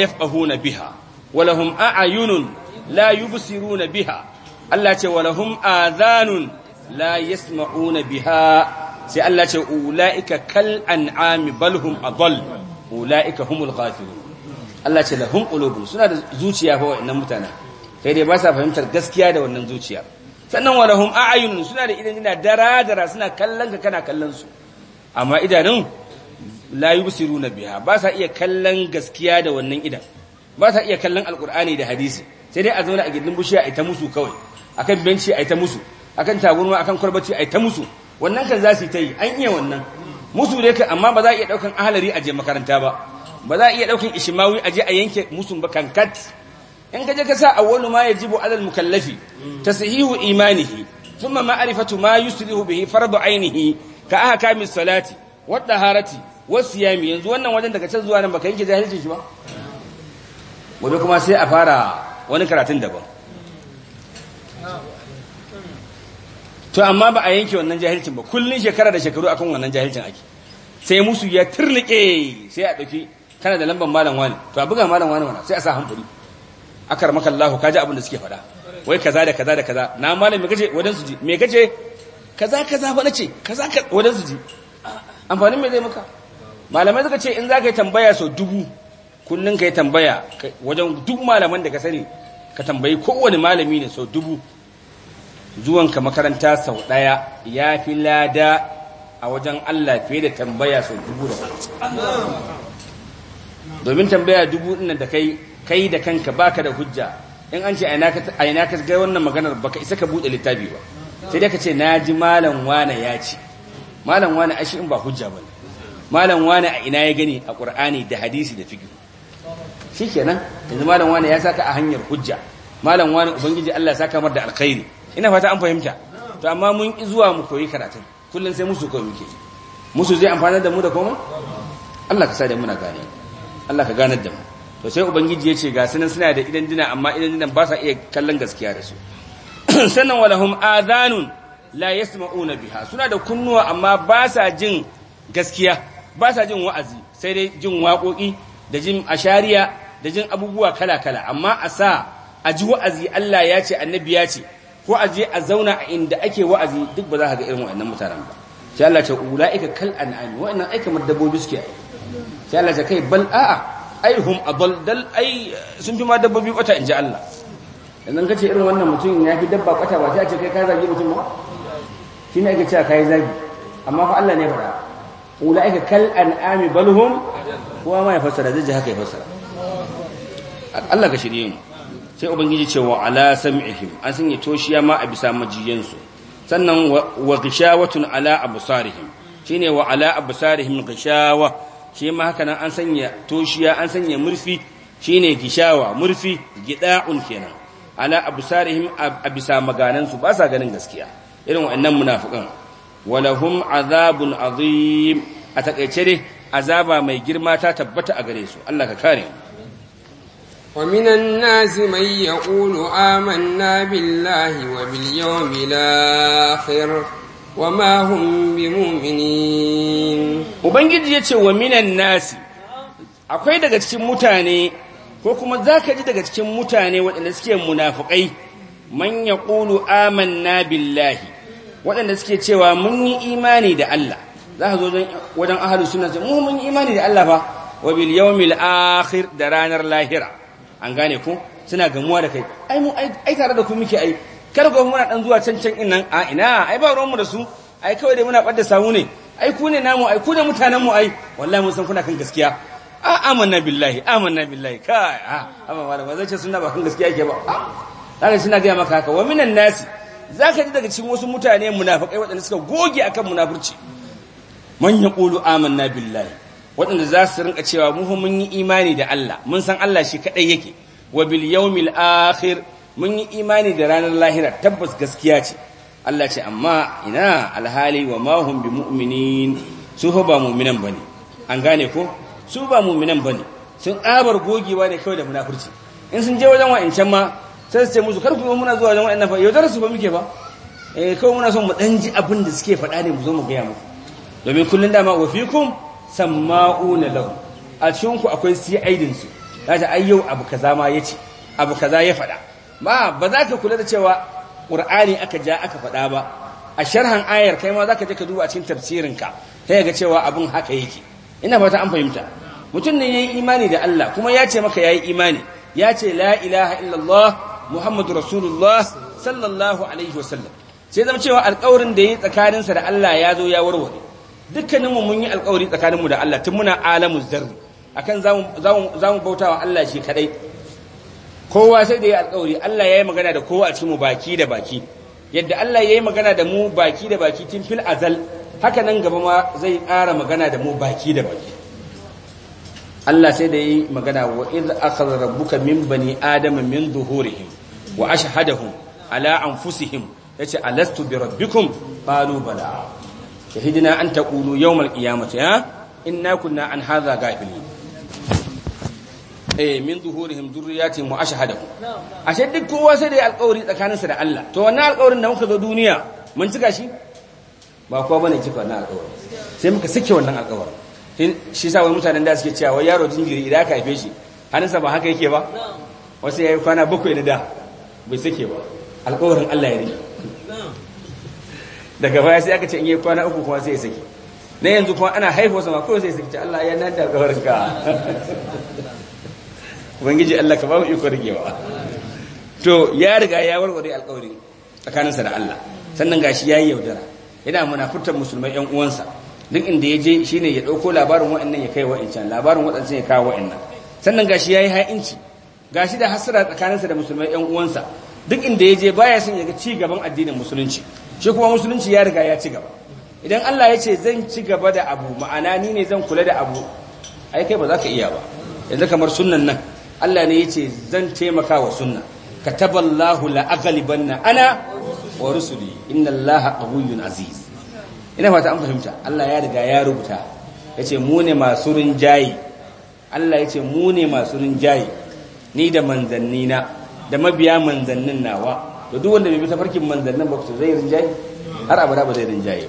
[SPEAKER 1] na biha wa lahum a'yunun la na biha Allah ce wa lahum adhanun la yasma'una biha sai Allah ce ulaika kal an'ami balhum adall ulaika humul ghafirun Allah ce lahum qulubun suna da zuciya fa wa'annan mutane sai dai ba sa fahimtar gaskiya da wannan zuciya sannan wa lahum a'yunun suna da idan ina daradara suna kallon ka kana kallon su amma idanun la yubsiruna biha ba sa iya kallon gaskiya da wannan idan ba sa iya kallon alqur'ani da hadisi sai dai a zauna a gindin bushiya a ta musu kawai akan benci a ta musu akan tagurma akan kwalbaci a ta musu wannan kan za su yi ta yi an iya wannan musu da kai amma ba za a iya daukan ahalari a je makaranta ba ba za a iya daukan ishimawi a je a yanke musun ba kankat in ka je ka sa awwalu ma yajibu alal mukallafi tasihihu imanihi thumma ma'rifatu ma yuslihu bihi fardu ainihi ka ahka min salati wa taharati wa siyami yanzu wannan wajen daga can zuwa nan baka yanke jahilcin shi ba gobe kuma sai a fara wani karatun daban to amma ba a yanke wannan jahilcin ba kullun shekara da shekaru akan wannan jahilcin ake sai musu ya turnike sai a dauki kana da lamban malam wani to a buga malam wani wani sai a sa hankali akar maka Allah ji abin da suke faɗa wai kaza da kaza da kaza na malam me kace wadan su ji me kace kaza kaza fa nace kaza ka wadan su ji amfanin me zai maka malamai suka ce in zaka ka yi tambaya sau dubu kullun kai tambaya wajen duk malaman da ka sani ka tambayi kowane malami ne sau dubu zuwanka makaranta sau ɗaya ya fi lada a wajen Allah fiye da tambaya sau dubu da domin tambaya dubu ɗinnan da kai kai da kanka baka da hujja in an ce a ina ka ga wannan maganar baka isa ka buɗe littafi ba sai dai ka ce na ji malam wane ya ce malam wane ashi in ba hujja ba malam wane a ina ya gani a qur'ani da hadisi da fiqh shikenan yanzu malam wane ya saka a hanyar hujja malam wani ubangiji Allah saka mar da alkhairi ina fata an fahimta to amma mun ki zuwa mu koyi karatun kullun sai musu koyi muke musu zai amfana da mu da koma Allah ka sa da muna gane Allah ka ganar da mu to sai ubangiji ya ce ga sunan suna da idan dina amma idan dina ba sa iya kallon gaskiya da su sannan walahum adhanun la yasma'una biha suna da kunnuwa amma ba sa jin gaskiya ba sa jin wa'azi sai dai jin waƙoƙi da jin ashariya da jin abubuwa kala-kala amma a sa a ji wa'azi Allah ya ce annabi ya ce ko a je a zauna a inda ake wa'azi duk ba za ka ga irin wa'annan mutanen ba sai Allah ta ulaika kal an'ami wa'annan ai kamar dabbobi suke sai Allah ta kai bal a'a ai hum adal dal ai sun fi ma dabbobi kwata inji Allah idan kace irin wannan mutum ya fi dabba kwata ba sai a ce kai ka zagi mutum ba ne ake cewa kai zagi amma fa Allah ne fara ulaika kal an'ami bal hum kowa ma ya fassara zai ji haka ya fassara Allah ka shirye mu sai ubangiji ce wa ala sam'ihim an sanya toshiya ma a bisa majiyansu sannan wa gishawatun ala absarihim shine wa ala absarihim gishawa shi ma haka nan an sanya toshiya an sanya murfi shine gishawa murfi gida'un kenan ala absarihim a bisa maganansu ba sa ganin gaskiya irin wa'annan munafiqan walahum azabun azim a takaice dai azaba mai girma ta tabbata
[SPEAKER 2] a gare su Allah ka kare mu ومن الناس من يقول آمنا بالله وباليوم الآخر وما هم بمؤمنين ubangiji yace wa minan nasi
[SPEAKER 1] akwai daga cikin mutane ko kuma zaka ji daga cikin mutane waɗanda suke munafukai man yaqulu amanna billahi waɗanda suke cewa mun yi imani da Allah za ka zo wajen ahlus suna ce, mun yi imani da Allah fa wa bil yawmil akhir da ranar lahira an gane ku suna gamuwa da kai ai mu ai tare da ku muke ai kar ku muna dan zuwa can can innan a ina ai ba ruwan mu da su ai kawai dai muna badda samu ne ai ku ne namu ai ku ne mutanen mu ai wallahi mun san kuna kan gaskiya a amanna billahi amanna billahi kai a amma malam zai ce sunna ba kan gaskiya yake ba zaka suna ga maka haka wa minan nasi zaka ji daga cikin wasu mutane munafikai wadanda suka goge akan munafurci man yaqulu amanna billahi waɗanda za su rinka cewa mu mun yi imani da Allah mun san Allah shi kaɗai yake wa bil yawmil akhir mun yi imani da ranar lahira tabbas gaskiya ce Allah ce amma ina alhali wa ma hum bi mu'minin su ba mu'minan bane an gane ko su ba mu'minan bane sun abar gogewa ne kawai da munafurci in sun je wajen wa'ancan ma sai su ce musu kar mu muna zuwa wajen wa'annan fa yaudar su ba muke ba eh kawai muna son mu ɗan ji abin da suke faɗa ne mu zo mu gaya muku domin kullun dama wa fikum samma'una lahu a cikin ku akwai siya aidin su kaje ai yau abu kaza ma yace abu kaza ya faɗa ba ba za ka kula da cewa qur'ani aka ja aka faɗa ba a sharhan ayar kai ma za ka je ka duba a cikin tafsirinka sai ga cewa abin haka yake ina fata an fahimta mutum ne yayi imani da Allah kuma yace ce maka yayi imani ya ce la ilaha illallah muhammadu rasulullah sallallahu alaihi wasallam sai zama cewa alƙawarin da yayi tsakaninsa da Allah ya zo ya warware dukkaninmu mun yi alkawari tsakaninmu da Allah tun muna alamu zarri akan za mu bauta wa Allah shi kadai kowa sai da ya alkawari Allah ya yi magana da kowa a mu baki da baki yadda Allah ya yi magana da mu baki da baki tun fil azal haka nan gaba ma zai ƙara magana da mu baki da baki Allah sai da ya yi magana wa iz akhadha rabbuka min bani adama min zuhurihim wa ashhadahum ala anfusihim yace alastu bi rabbikum qalu bala shahidina an yau yawmal ƙiyamata ya na kunna an hadha ghafilin eh min zuhurihim dhurriyyatihim wa ashhadahum ashe duk kowa sai da alƙawari tsakaninsa da Allah to wannan alƙawarin da muka zo duniya mun cika shi ba kowa bane cika wannan alƙawari sai muka sake wannan alƙawarin shi sa wani mutanen da suke cewa wai yaro jinjiri idan aka haife shi hannunsa ba haka yake ba wasu ya yi kwana bakwai na da bai sake ba alƙawarin Allah ya rike daga baya sai aka ce in yi kwana uku kuma sai ya saki na yanzu kuma ana haihuwa sama kawai sai ya saki Allah ya nan da ka ubangiji Allah ka ba mu iko rigewa to ya riga ya warware alƙawari tsakaninsa da Allah sannan gashi yayi yaudara yana munafurtar musulmai ƴan uwansa duk inda ya je shine ya dauko labarin wa'annan ya kai wa'ancan labarin waɗancan ya kawo wa'annan sannan gashi yayi ha'inci gashi da hasara tsakaninsa da musulmai ƴan uwansa duk inda ya je baya son ya ga ci gaban addinin musulunci shi kuma musulunci ya riga ya ci gaba idan Allah ya ce zan ci gaba da abu ma'ana ni ne zan kula da abu ai kai ba za ka iya ba yanzu kamar sunnan nan Allah ne ya ce zan taimaka wa sunna kataballahu la aghlibanna
[SPEAKER 3] ana wa
[SPEAKER 1] rusuli inna Allaha qawiyyun aziz ina fata an fahimta Allah ya riga ya rubuta yace mu ne masu rinjayi Allah yace mu ne masu rinjayi ni da manzannina da mabiya manzannin nawa to duk wanda bai bi tafarkin manzannin ba su zai rinjaye har abada ba zai rinjaye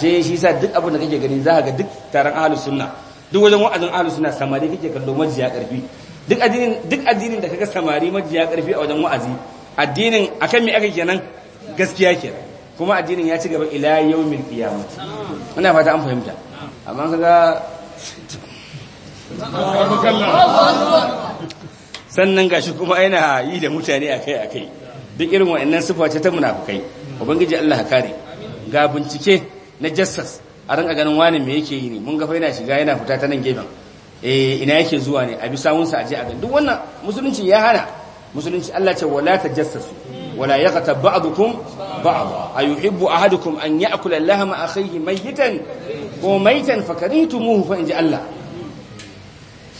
[SPEAKER 1] ce shi sa duk abin da kake gani za ga duk taron ahlus sunna duk wajen wa'azin ahlus sunna samari kake kallo majiya karfi duk addinin duk addinin da kaga samari majiya karfi a wajen wa'azi addinin akan me aka kenan gaskiya kenan kuma addinin ya ci gaba ila yawmil qiyamah ina fata an fahimta amma kaga sannan gashi kuma aina yi da mutane akai akai duk irin wa'annan sufa ce ta munafukai ubangiji Allah kare ga bincike na jassas a ranka ganin wani me yake yi ne mun gafa yana shiga yana fita ta nan gefen eh ina yake zuwa ne a bi sawunsa aje a ga duk wannan musulunci ya hana musulunci Allah ce wala tajassasu wala yaqtab ba'dukum ba'd ayuhibbu ahadukum an ya'kula lahma akhihi mayitan ko maitan fakarintumuhu fa inji Allah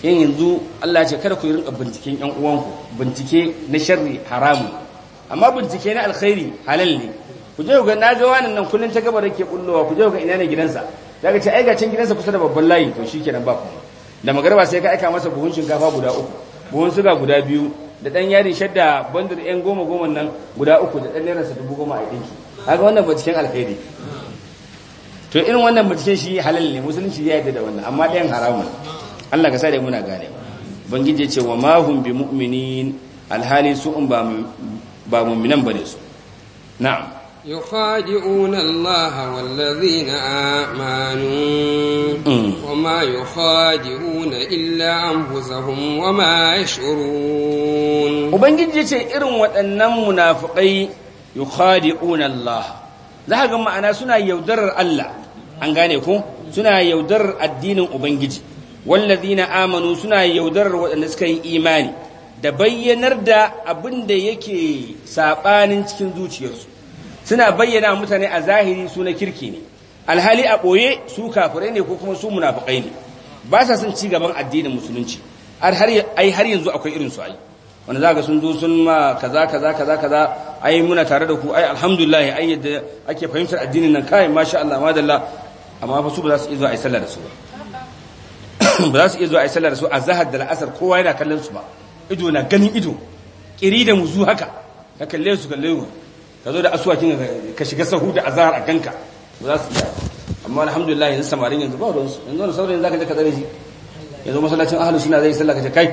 [SPEAKER 1] in yanzu Allah ce kada ku yi rinka binciken yan uwanku bincike na sharri haramun amma bincike na alkhairi halal ne ku je ga na ga wannan nan kullun ta gabar yake kullowa ku je ga ina ne gidansa daga ce ai ga can gidansa kusa da babban layi to shikenan ba ku da magarba sai ka aika masa buhun shinkafa guda uku buhun suga guda biyu da dan yarin shadda bandur yan goma goma nan guda uku da dan naira dubu goma a dinki kaga wannan binciken alkhairi to irin wannan binciken shi halal ne musulunci ya yarda da wannan amma ɗayan haramun Allah ka sa da muna gane ubangiji ya ce wa ma bi mu'minin alhali su ba ba muminan ba ne su. Na’am.
[SPEAKER 2] Yau fadi’un Allah na amanu, mm. wa ma illa an buzahun wa ma ya Ubangiji ce irin waɗannan
[SPEAKER 1] munafukai yau fadi’un Allah, za ga ma’ana suna yaudarar Allah, an gane ku? Suna yaudarar addinin Ubangiji, wallazi na amanu suna yaudarar waɗanda suka yi imani, da bayyanar da abin da yake saɓanin cikin zuciyarsu suna bayyana mutane a zahiri su na kirki ne alhali a ɓoye su kafirai ne ko kuma su munafukai ne ba sa son ci gaban addinin musulunci ai har yanzu akwai irin su ai wanda za ka sun zo sun ma kaza kaza kaza kaza ai muna tare da ku ai alhamdulillah ai yadda ake fahimtar addinin nan kai masha Allah madalla amma fa su ba za su iya zuwa ai sallah da su
[SPEAKER 3] ba
[SPEAKER 1] ba za su iya zuwa ai sallah da su a zahar da la'asar kowa yana kallon su ba ido na ganin ido kiri da muzu haka ka kalle su kalle su ka zo da asuwakin ka shiga sahu da azhar a ganka ba za su iya amma alhamdulillah yanzu samarin yanzu ba ruwansu yanzu wani saurayin za ka je ka tsare shi yanzu masallacin ahalu suna zai sallah ka ce kai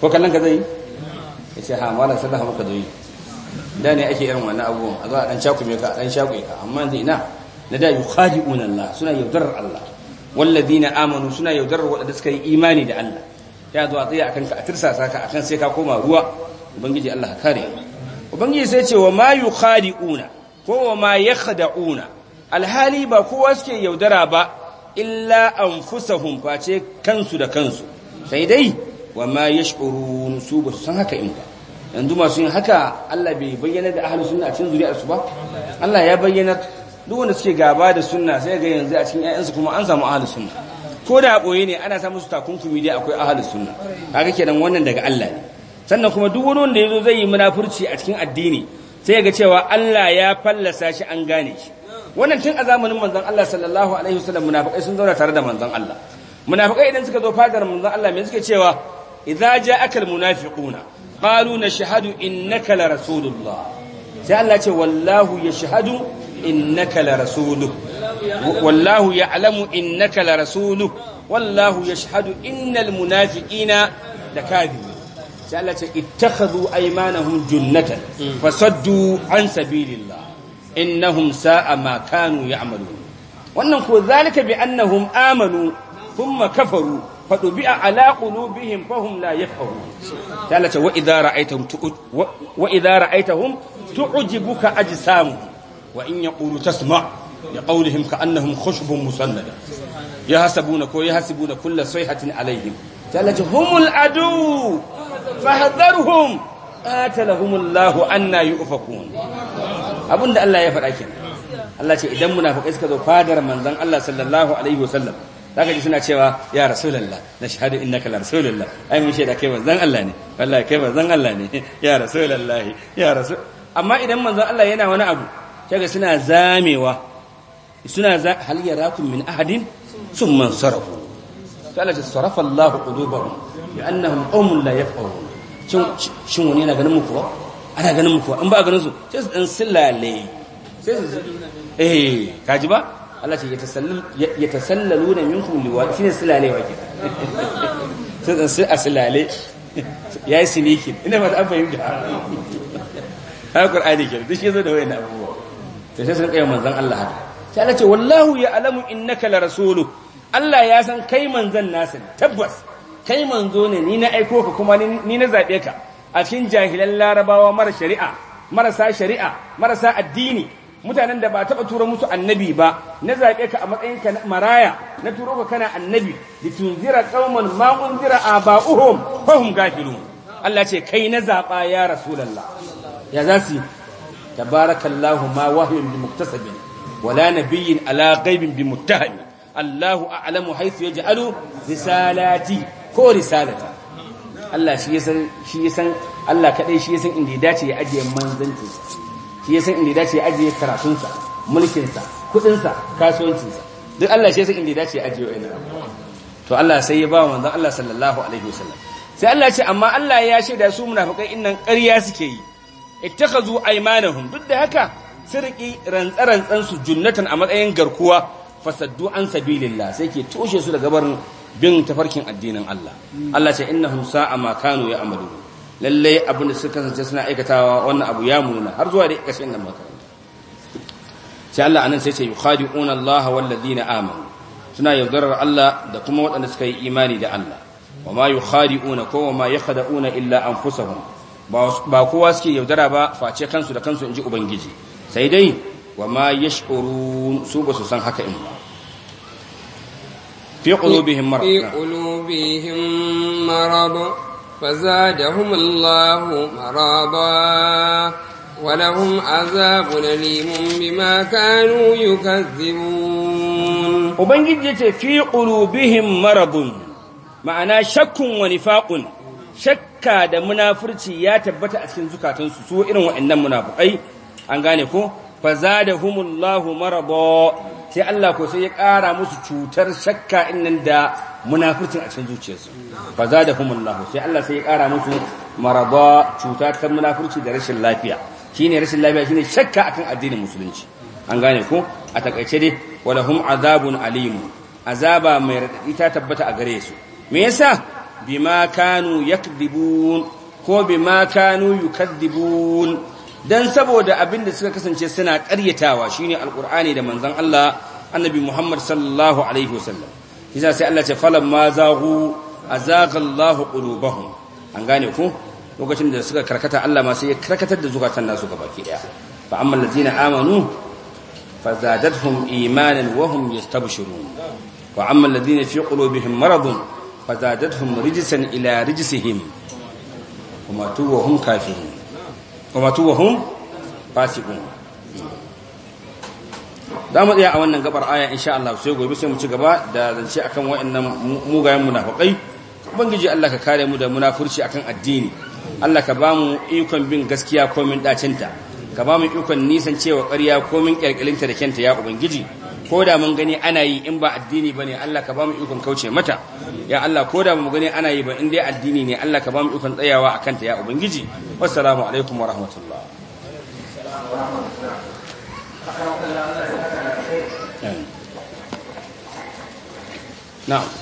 [SPEAKER 1] ko kallon ka zai ya ce ha malam sallah maka zo yi da ne ake irin wannan abubuwan a zo a dan cakume ka a dan shakume ka amma yanzu ina na da yukhadi'una Allah suna yaudarar Allah wallazina amanu suna yaudarar waɗanda suka yi imani da Allah ya zo a tsaye akan ka a tirsasa ka akan sai ka koma ruwa ubangiji Allah kare ubangiji sai ce wa ma yukhadi'una ko wa ma yakhda'una alhali ba kowa suke yaudara ba illa anfusahum face kansu da kansu sai dai wa ma yash'urun su ba san haka in ba yanzu masu yin haka Allah bai bayyana da ahlus sunna a cikin zuriyarsu ba Allah ya bayyana duk wanda suke gaba da sunna sai ga yanzu a cikin ƴaƴansu kuma an samu ahlus sunna ko da ɓoye ne ana samun su takunkumi dai akwai ahlus sunna kaga kenan wannan daga Allah ne sannan kuma duk wani wanda yazo zai yi munafurci a cikin addini sai ga cewa Allah ya fallasa shi an gane shi wannan tun a zamanin manzon Allah sallallahu alaihi wasallam munafikai sun zauna tare da manzon Allah munafikai idan suka zo fadar manzon Allah me suke cewa idza ja'aka almunafiquna qalu nashhadu innaka la rasulullah sai Allah ce wallahu yashhadu innaka la rasuluhu wallahu ya'lamu innaka la rasuluh wallahu yashhadu innal munafiqina lakadhibun sai Allah ce ittakhadhu aymanahum junnatan fasaddu an sabilillah innahum sa'a ma kanu ya'malun wannan ko zalika bi annahum amanu thumma kafaru fadubi'a ala qulubihim fahum la yafqahun sai Allah ce wa idza ra'aytahum tu'ud wa idza ra'aytahum tu'jibuka ajsamuhum wa in yaqulu tasma' لقولهم كأنهم خشب مسندة يحسبون كو يحسبون كل صيحة عليهم قالت هم العدو
[SPEAKER 3] فاحذرهم
[SPEAKER 1] قاتلهم الله أن يؤفكون أبن الله يفعل كنا Allah ce idan munafikai suka zo fadar manzon Allah sallallahu alaihi wasallam zaka ji suna cewa ya rasulullah na shahada innaka la rasulullah ai mun shaida kai manzon Allah ne wallahi kai manzon Allah ne ya rasulullah ya rasul amma idan manzon Allah yana wani abu kaga suna zamewa suna za hal yarakum min ahadin thumma sarafu kala ta sarafa Allahu qulubahum bi annahum qaumun la yafqahun shin wani yana ganin mu ana ganin mu kuwa ba a ganin su sai dan sillale sai su eh kaji ba Allah ce yatasallaluna minkum liwa shine sillale wa sai dan sai asilale yayi sinikin ina ba ta fahimta haka Qur'ani ke duk zo da wayannan abubuwa to sai sun kai manzon Allah haka sai Allah ce wallahu in innaka la rasulu Allah ya san kai manzon nasa tabbas kai manzo ne ni na aiko ka kuma ni na zabe ka a cikin jahilan larabawa mara shari'a marasa shari'a marasa addini mutanen da ba taɓa tura musu annabi ba na zaɓe ka a matsayin ka maraya na turo ka kana annabi da tunzira qauman ma unzira aba'uhum fahum gafilun Allah ce kai na zaɓa ya rasulullah ya za su tabarakallahu ma wahyun bi wala nabiyyin ala ghaibin bi muttahami Allahu a'lamu haythu yaj'alu risalati ko risalata Allah shi yasan shi yasan Allah kadai shi yasan inda ya ya ajiye manzancin shi yasan inda ya ya ajiye karatun mulkin sa sa kasuwancin sa duk Allah shi yasan inda ya dace ya ajiye to Allah sai ya ba manzon Allah sallallahu alaihi wasallam sai Allah ce amma Allah ya shaida su munafikai innan ƙarya suke yi ittakhazu aymanahum duk da haka sirki rantsarantsan su junnatan a matsayin garkuwa fasaddu an sabilillah sai ke toshe su daga barin bin tafarkin addinin Allah Allah ce innahum sa'a ma kanu ya'malu lalle abin da suka kasance suna aikatawa wannan abu ya muna har zuwa da kashin nan makaranta sai Allah anan sai ce yukhadi'una Allah wal ladina amanu suna yaudarar Allah da kuma waɗanda suka yi imani da Allah wa ma yukhadi'una ko wa yakhda'una illa anfusahum ba kowa suke yaudara ba face kansu da kansu inji ubangiji sai dai wa ma yash'urun su ba su san haka in ba fi qulubihim marad fi
[SPEAKER 2] qulubihim marad fazadahum Allahu marada ولهم عذاب kanu بما كانوا
[SPEAKER 1] ubangiji ce fi قلوبهم مرض ma'ana shakkun wani nifaqun shakka da munafurci ya tabbata a cikin zukatansu su irin waɗannan munafukai an gane ko fa zadahumullahu marada sai Allah ko sai ya ƙara musu cutar shakka innan da munafircin a cikin zuciyarsu fa zadahumullahu sai Allah sai ya ƙara musu marada cuta ta munafirci da rashin lafiya shine rashin lafiya shine shakka akan addinin musulunci an gane ko a takaice dai walahum azabun alim azaba mai radadi ta tabbata a gare su me yasa bima kanu yakdibun ko bima kanu yukaddibun dan saboda abin da suka kasance suna ƙaryatawa shine alqur'ani da manzon Allah annabi Muhammad sallallahu alaihi wasallam kisa sai Allah ce falam ma zaghu azaqa Allah qulubahum an gane ku lokacin da suka karkata Allah ma sai ya karkatar da zukatan nasu gabaki daya fa amman ladina amanu fazadathum imanan wa hum yastabshirun wa amma ladina fi qulubihim maradun fazadathum rijsan ila rijsihim kuma tuwa hum kafirun wa matu wa hum fasiqun za mu tsaya a wannan gabar aya insha Allah sai gobe sai mu ci gaba da zance akan wayannan mugayen munafikai ubangiji Allah ka kare mu da munafurci akan addini Allah ka bamu ikon bin gaskiya komin dacinta ka bamu ikon nisan cewa ƙarya komin kyalkyalinta da kenta ya ubangiji ko da mun gani ana yi in ba addini ba ne Allah ka ba mu ikon kauce mata ya Allah ko da mun gani ana yi ba in dai addini ne Allah ka ba mu ikon tsayawa a kanta ya ubangiji wassalamu alaikum wa rahmatullah na'am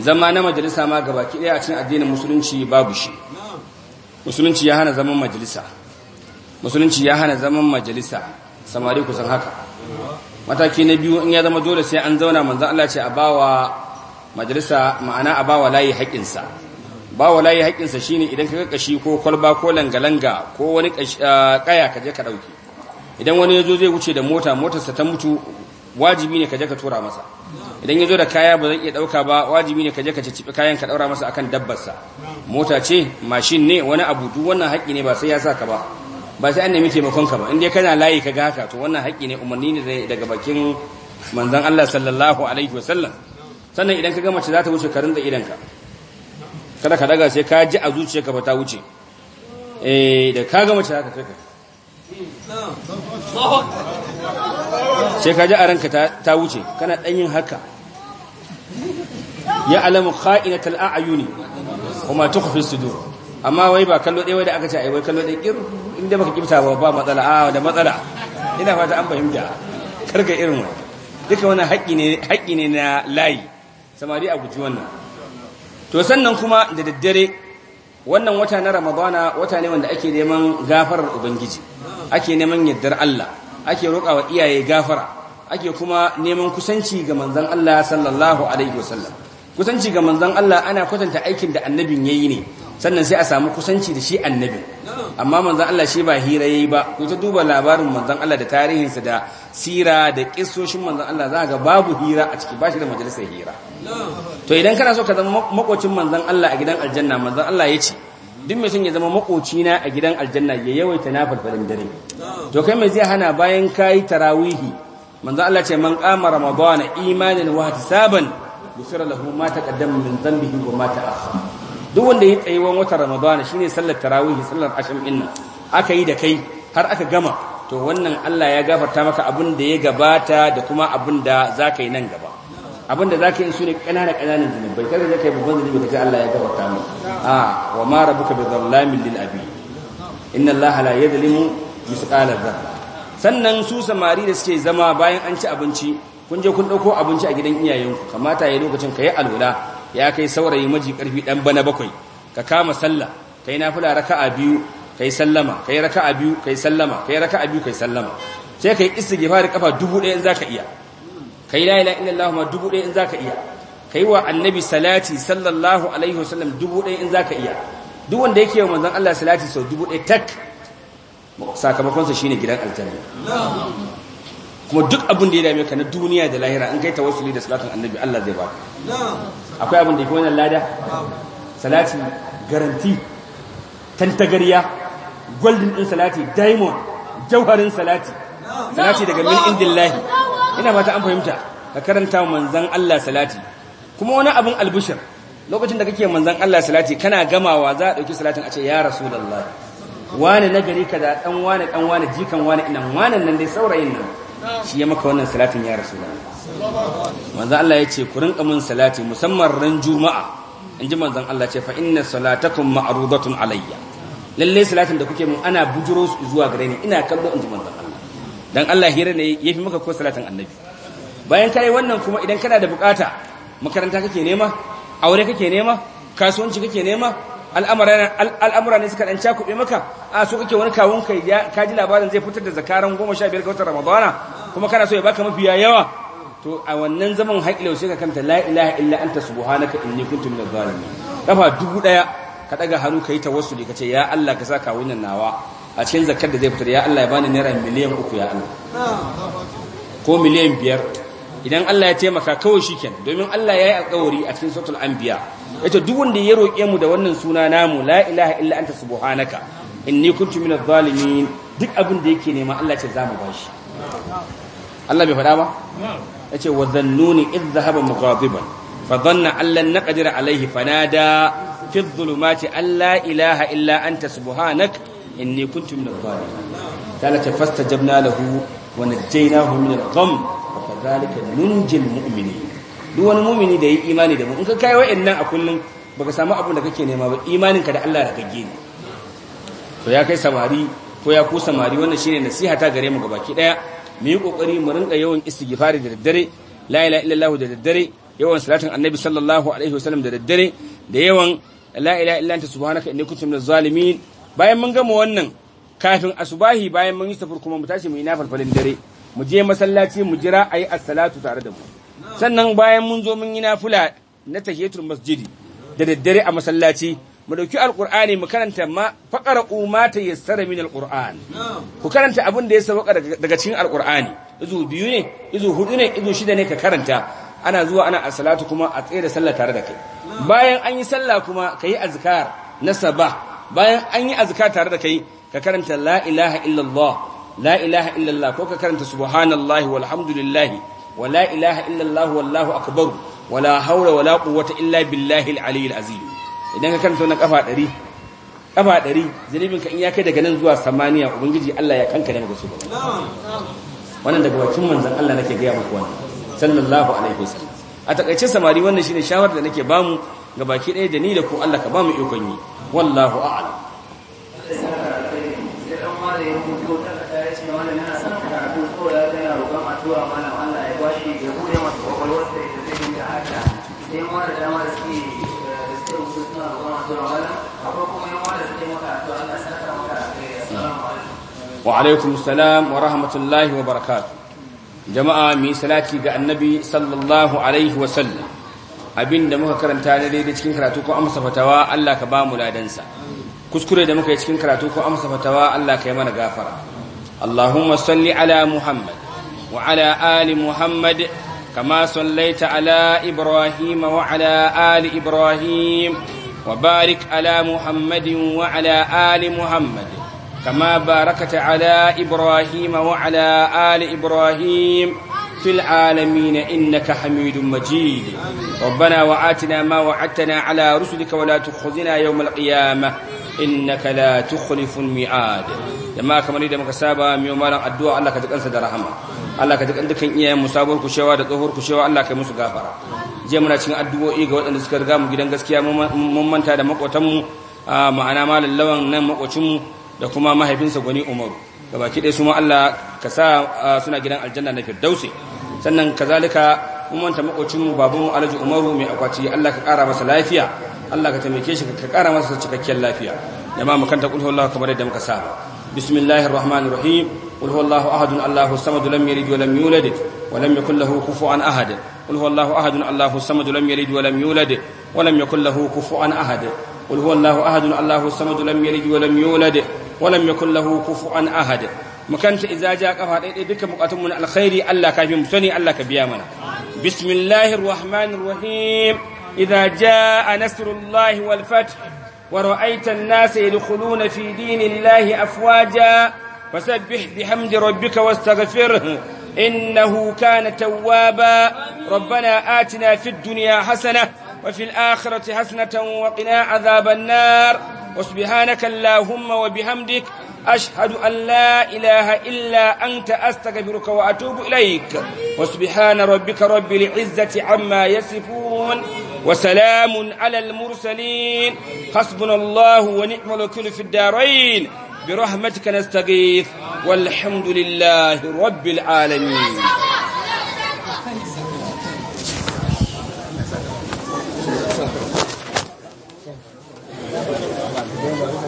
[SPEAKER 1] zama na majalisa ma baki daya a cikin addinin musulunci babu shi musulunci ya hana zaman majalisa musulunci ya hana zaman majalisa samari kusan haka mataki na biyu in ya zama dole sai an zauna manzo Allah ce a bawa majalisa ma'ana a bawa layi sa bawa layi haƙinsa shine idan ka kashi ko kwalba ko langa-langa ko wani kaya ah, ka je ka dauki idan wani yazo zai wuce da mota motarsa ta mutu wajibi ne ka je ka tura masa idan ya zo da kaya ba zan iya ɗauka ba wajibi ne ka je ka cicibi kayan ka ɗaura masa akan dabbarsa mota ce mashin ne wani abu duk wannan haƙƙi ne ba sai ya sa ka ba ba sai an nemi taimakon ka ba in dai kana layi ka ga haka to wannan haƙƙi ne umarni ne daga bakin manzon Allah sallallahu alaihi wasallam sannan idan ka ga mace za ta wuce ka idan ka kada ka daga sai ka ji a zuciyarka ba ta wuce eh da ka ga mace za ta kai ka sai ka ji a ranka ta wuce kana ɗanyin yin haka ya alamu kha'ina tal'a ayuni kuma su sudur amma wai ba kallo ɗaya wai da aka ce ai wai kallo ɗaya ƙir inda baka kibta ba ba matsala a da matsala ina fata an fahimta karka irin wa duka wani haƙƙi ne na layi samari a guji wannan to sannan kuma da daddare wannan wata na ramadana wata ne wanda ake neman gafarar ubangiji ake neman yardar Allah ake roƙawa iyaye gafara ake kuma neman kusanci ga manzon Allah sallallahu alaihi wasallam kusanci ga manzon Allah ana kwatanta aikin da annabin ya yi ne sannan sai a samu kusanci da shi annabin amma manzon Allah shi ba hira yayi ba ku ta duba labarin manzon Allah da tarihinsa da sira da kissoshin manzon Allah za ga babu hira a ciki bashi da majalisar hira to idan kana so ka zama makocin manzon Allah a gidan aljanna manzan Allah ya ce duk mai son ya zama makocina a gidan aljanna ya yawaita na farfarin dare to kai mai zai hana bayan ka yi tarawihi manzo Allah ce man qama ramadan imanan wa hisaban yusira lahu ma taqaddama min dhanbihi wa ma ta'akhkhara duk wanda ya tsayi wani watan ramadana shine sallar tarawihi sallar asham inna aka yi da kai har aka gama to wannan Allah ya gafarta maka abun da ya gabata da kuma abun da zaka yi nan gaba abin da zaka yi su ne ƙanana ƙananan zunubai kada ka yi babban zunubi ka ce Allah ya gafarta mu a wa ma rabbuka bi zallamin lil abi inna Allah la yadlimu misqala dhar sannan su samari da suke zama bayan an ci abinci kun je kun dauko abinci a gidan iyayenku kamata yayi lokacin ka yi alwala ya kai saurayi maji karfi dan bana bakwai ka kama sallah kai nafila raka'a biyu kai sallama kai raka'a biyu kai sallama kai raka'a biyu kai sallama sai kai istighfar kafa dubu ɗaya in zaka iya kai la ilaha illallah ma dubu ɗaya in zaka iya ka yi wa annabi salati sallallahu alaihi wasallam dubu ɗaya in zaka iya duk wanda yake wa manzon Allah salati sau dubu ɗaya tak sakamakonsa sa shine gidan aljanna kuma duk abin da ya dame ka na duniya da lahira in kai ta tawassuli da salatin annabi Allah zai baka akwai abin da ya fi wani lada salati garanti tantagariya golden din salati diamond jawharin salati
[SPEAKER 3] salati daga min
[SPEAKER 1] indillahi ina ba ta an fahimta ka karanta manzan Allah salati kuma wani abin albushir lokacin da kake manzan Allah salati kana gamawa za a ɗauki salatin a ce ya rasulullahi wani na gari da dan wani dan wani jikan wani ina wani nan dai saurayin nan shi ya maka wannan salatin ya rasulullahi manzan Allah ya ce ku rinka mun salati musamman ran juma'a in ji manzan Allah ce fa inna salatakum ma'rudatun alayya lalle salatin da kuke mun ana bujuro zuwa gare ni ina kallo in ji manzan Allah dan Allah hira ne yafi maka ko salatin annabi bayan kai wannan kuma idan kana da bukata makaranta kake nema aure kake nema kasuwanci kake nema al'amura ne suka dan kube maka a so kake wani kawun kai ka ji labarin zai fitar da zakaran 15 ga watan ramadana kuma kana so ya baka mafiya yawa to a wannan zaman haƙila sai ka kanta la ilaha illa anta subhanaka inni kuntu minadh zalimin kafa dubu daya ka daga hannu kai tawassuli kace ya Allah ka saka wannan nawa a cikin zakar da zai fitar ya Allah ya bani naira miliyan uku ya Allah ko miliyan biyar idan Allah ya taimaka kawai shi domin Allah ya yi alƙawari a cikin an anbiya yace duk wanda ya roƙe mu da wannan suna namu la ilaha illa anta subhanaka inni kuntu minadh zalimin duk abin da yake nema Allah ce zamu bashi Allah bai faɗa ba yace wa dhannuni idh dhahaba mughadiban fa dhanna an lan naqdir alayhi fanada fi adh-dhulumati alla ilaha illa anta subhanaka inni kuntu min adh-dhalimin qala ta fastajabna lahu wa najaynahu min al-gham wa kadhalika nunjil mu'minin duk wani mu'mini da yi imani da mu in ka kai wa'annan a kullun baka samu abin da kake nema ba imaninka da Allah da kake ne to ya kai samari ko ya ku samari wannan shine nasiha ta gare mu gabaki daya mu yi kokari mu rinka yawan istighfari da daddare la ilaha illallah da daddare yawan salatin annabi sallallahu alaihi wasallam da daddare da yawan la ilaha illa anta subhanaka inni kuntu minaz zalimin bayan mun gama wannan kafin asubahi bayan mun yi safar kuma mu tashi mu yi nafalfalin dare mu je masallaci mu jira ayi as-salatu tare da mu sannan bayan mun zo mun yi nafila na tahiyatul masjidi da daddare a masallaci mu dauki alqur'ani mu karanta ma faqara ma yassara min alqur'an ku karanta abin da ya sauka daga cikin alqur'ani izu biyu ne izu hudu ne izu shida ne ka karanta ana zuwa ana as-salatu kuma a tsaye da sallah tare da kai bayan an yi sallah kuma yi azkar na sabah bayan an yi azuka tare da kai ka karanta la ilaha illallah la ilaha illallah ko ka karanta subhanallahi walhamdulillahi wa la ilaha illallah wallahu akbar wa la hawla wa la quwwata illa billahi aliyyil azim idan ka karanta wannan kafa 100 kafa 100 zunubin ka in ya kai daga nan zuwa samaniya ubangiji Allah ya kankare maka su wannan daga wakin manzon Allah nake ga muku wannan sallallahu alaihi wasallam a takaice samari wannan shine shawara da nake bamu ga baki ɗaya da ni da ku Allah ka bamu ikon yi wallahu a'lam wa alaikum salam jama'a mi salati ga annabi abin da muka karanta na daidai cikin karatu ko amsa fatawa Allah ka ba mu ladansa kuskure da muka yi cikin karatu ko amsa fatawa Allah ka yi mana gafara Allahumma salli ala Muhammad wa ala ali Muhammad kama sallaita ala Ibrahim wa ala ali Ibrahim wa barik ala Muhammadin wa ala ali Muhammad kama barakata ala Ibrahim wa ala ali Ibrahim في العالمين إنك حميد مجيد ربنا وآتنا ما وعدتنا على رسلك ولا تخزنا يوم القيامة إنك لا تخلف الميعاد لما كما نريد مك سابا ميو مالن الدعاء الله كتك أنسى درحمة الله كتك أنت كن إياه مسابر كشوا دكهور كشوا الله كمس غافرة جي منا cikin addu'o'i ga waɗanda suka riga mu gidan gaskiya mun manta da makotanmu ma'ana malam lawan nan makocinmu da kuma mahaifinsa gwani umaru gabaki ɗaya su ma Allah ka sa suna gidan aljanna na firdausi sannan kazalika mun wanta makocinmu babanmu alhaji umaru mai akwati allah ka kara masa lafiya allah ka taimake shi ka kara masa cikakkiyar lafiya da ma mu kanta kulhu allah kamar yadda muka saba bismillahir rahmanir rahim qul huwallahu samad lam yalid wa lam yulad wa lam yakul lahu kufuwan ahad qul huwallahu samad lam yalid wa lam yulad wa lam yakul lahu kufuwan ahad qul huwallahu samad lam yalid wa lam yulad wa lam yakul lahu kufuwan ahad mu kanta ja kafa dai dai duka bukatun mu na alkhairi Allah ka fi mu sani Allah ka biya mana bismillahir rahmanir rahim idza jaa nasrullahi wal fath wa ra'aita an-nasa yadkhuluna fi dinillahi afwaja fasabbih bihamdi rabbika wastaghfirhu innahu kana tawwaba ربنا آتنا في الدنيا حسنة وفي الآخرة حسنة وقنا عذاب النار وسبحانك اللهم وبحمدك أشهد أن لا إله إلا أنت أستغفرك وأتوب إليك وسبحان ربك رب العزة عما يصفون
[SPEAKER 2] وسلام
[SPEAKER 1] على المرسلين حسبنا الله ونعم الوكيل في الدارين برحمتك نستغيث والحمد لله رب العالمين
[SPEAKER 3] Thank you. Thank you.